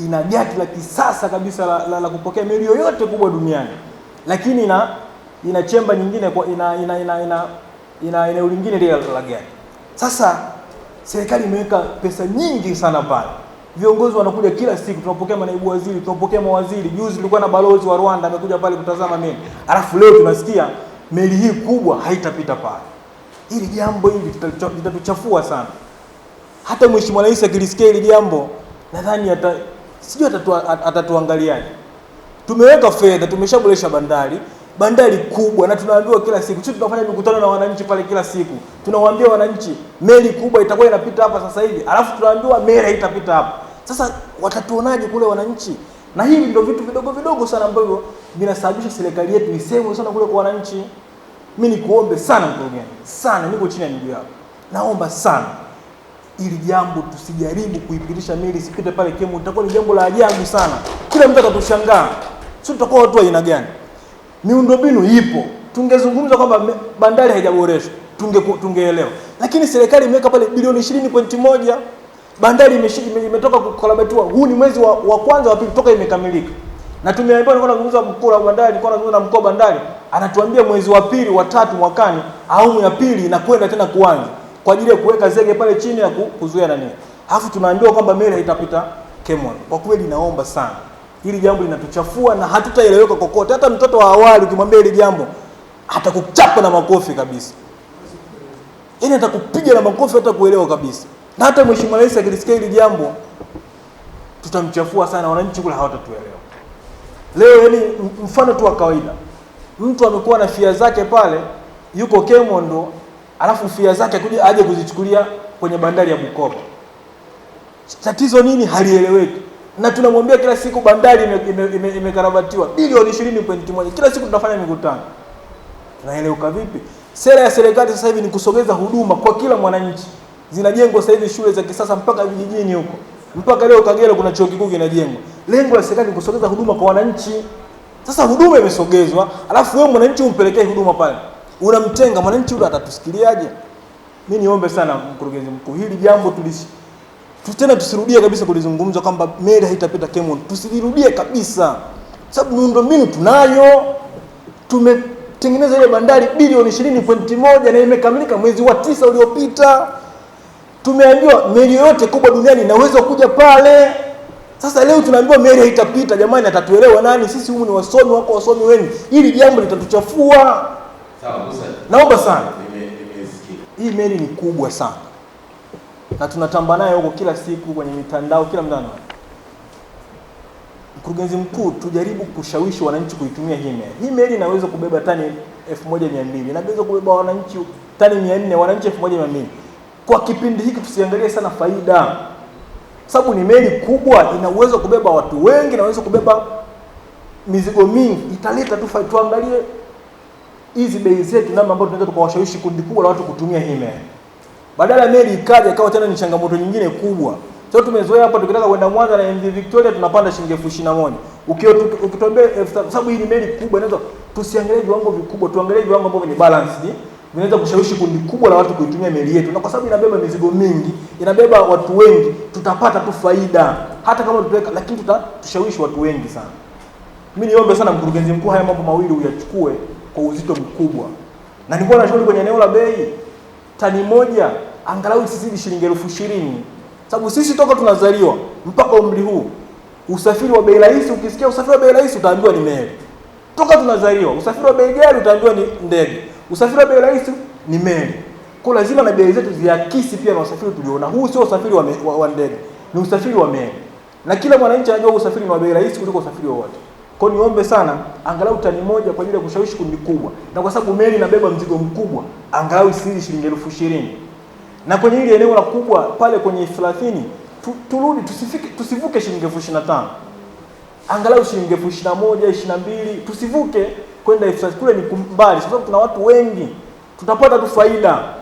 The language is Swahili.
ina gati la kisasa kabisa la, la, la kupokea meli yoyote kubwa duniani, lakini ina ina chemba nyingine kwa ina ina ina ina ina eneo lingine lile la gati. Sasa serikali imeweka pesa nyingi sana pale, viongozi wanakuja kila siku, tunapokea manaibu waziri, tunapokea mawaziri. Juzi tulikuwa na balozi wa Rwanda amekuja pale kutazama meli, alafu leo tunasikia meli hii kubwa haitapita pale. Hili jambo hili litatuchafua sana. Hata mheshimiwa rais akilisikia hili jambo nadhani ata sijui atatu, atatuangaliaje. Tumeweka fedha, tumeshaboresha bandari, bandari kubwa, na tunaambiwa kila siku, sisi tunafanya mikutano na wananchi pale kila siku, tunawaambia wananchi meli kubwa itakuwa inapita hapa sasa hivi, alafu tunaambiwa meli haitapita hapa. Sasa watatuonaje kule wananchi? Na hivi ndio vitu vidogo vidogo sana ambavyo vinasababisha serikali yetu isemwe sana kule kwa wananchi. Mimi nikuombe sana mkurugenzi, sana niko chini ya miguu yako, naomba sana ili jambo tusijaribu kuipitisha meli isipite pale Kemo, itakuwa ni jambo la ajabu sana, kila mtu atatushangaa. Sio tutakuwa watu wa aina gani? Miundombinu ipo, tungezungumza kwamba bandari haijaboreshwa tunge tungeelewa, lakini serikali imeweka pale bilioni 20.1 bandari imetoka ime, kukarabatiwa. Huu ni mwezi wa, wa kwanza wa pili toka imekamilika, na tumeambiwa nilikuwa nazungumza mkuu wa bandari, nilikuwa nazungumza na mkuu wa bandari, anatuambia mwezi wa pili wa tatu mwakani, awamu ya pili inakwenda tena kuanza kwa ajili ya kuweka zege pale chini na kuzuia nani, alafu tunaambiwa kwamba meli haitapita Kemon. Kwa kweli naomba sana, hili jambo linatuchafua na hatutaeleweka kokote. Hata mtoto wa awali ukimwambia hili jambo atakuchapa na makofi kabisa, yaani atakupiga na makofi, hata kuelewa kabisa. Na hata mheshimiwa rais akilisikia hili jambo tutamchafua sana, wananchi kule hawatatuelewa. Leo yaani, mfano tu wa kawaida, mtu amekuwa na fia zake pale, yuko Kemondo alafu fia zake kuja aje kuzichukulia kwenye bandari ya Bukoba. Tatizo nini? Halieleweki, na tunamwambia kila siku bandari imekarabatiwa ime, ime, ime bilioni 20.1 kila siku tunafanya mikutano, tunaeleweka vipi? Sera ya serikali sasa hivi ni kusogeza huduma kwa kila mwananchi. Zinajengwa sasa hivi shule za kisasa mpaka vijijini huko, mpaka leo Kagera kuna chuo kikuu kinajengwa. Lengo la serikali ni kusogeza huduma kwa wananchi. Sasa huduma imesogezwa, alafu wewe mwananchi umpelekee huduma pale unamtenga mwananchi yule, atatusikiliaje? Mimi niombe sana mkurugenzi mkuu, hili jambo tulishi tena tusirudie kabisa kulizungumza kwamba meli haitapita Kemon, tusirudie kabisa, sababu miundombinu tunayo. Tumetengeneza ile bandari bilioni ishirini pointi moja na imekamilika mwezi wa tisa uliopita. Tumeambiwa meli yoyote kubwa duniani inaweza kuja pale. Sasa leo tunaambiwa meli haitapita. Jamani, atatuelewa nani? Sisi humu ni wasomi, wako wasomi wengi. ili jambo litatuchafua. Naomba sana, hii meli ni kubwa sana na tunatamba nayo huko kila siku kwenye mitandao, kila mtu anaona. Mkurugenzi mkuu, tujaribu kushawishi wananchi kuitumia hii meli. Hii meli inaweza kubeba tani 1200 inaweza kubeba wananchi tani 400, wananchi 1200. Kwa kipindi hiki tusiangalie sana faida, sababu ni meli kubwa, ina uwezo kubeba watu wengi, inaweza kubeba mizigo mingi, italeta tu faida, tuangalie hizi bei zetu, namna ambayo tunaweza tukawashawishi kundi kubwa la watu kutumia hii Badala ya meli ikaja ikawa tena ni changamoto nyingine kubwa. Sasa so, tumezoea hapa, tukitaka kwenda Mwanza na MV Victoria tunapanda shilingi elfu ishirini na moja ukitwambia sababu hii ni meli kubwa, inaweza tusiangalie viwango vikubwa, tuangalie viwango ambavyo ni balanced vinaweza kushawishi kundi kubwa la watu kuitumia meli yetu, na kwa sababu inabeba mizigo mingi, inabeba watu wengi, tutapata tu faida hata kama tutaweka, lakini tutashawishi watu wengi sana. Mimi niombe sana mkurugenzi mkuu, haya mambo mawili uyachukue kwa uzito mkubwa, na nilikuwa na shughuli kwenye eneo la bei, tani moja angalau isizidi shilingi elfu ishirini sababu sisi toka tunazaliwa mpaka umri huu usafiri wa bei rahisi, ukisikia usafiri wa bei rahisi utaambiwa ni meli. Toka tunazaliwa usafiri wa bei gari utaambiwa ni ndege, usafiri wa bei rahisi ni meli. Kwa lazima na bei zetu ziakisi pia na usafiri tuliona. Huu sio usafiri wa, wa, wa ndege, ni usafiri wa meli, na kila mwananchi anajua usafiri ni wa bei rahisi kuliko usafiri wowote. Kwa niombe sana angalau tani moja kwa ajili ya kushawishi kundi kubwa, na kwa sababu meli inabeba mzigo mkubwa, angalau isizidi shilingi elfu ishirini na kwenye hili eneo la kubwa pale kwenye 30 tu, turudi tusifike, tusivuke shilingi elfu ishirini na tano angalau shilingi elfu ishirini na moja ishirini na mbili tusivuke kwenda elfu kule, ni mbali, kwa sababu tuna watu wengi, tutapata tu faida.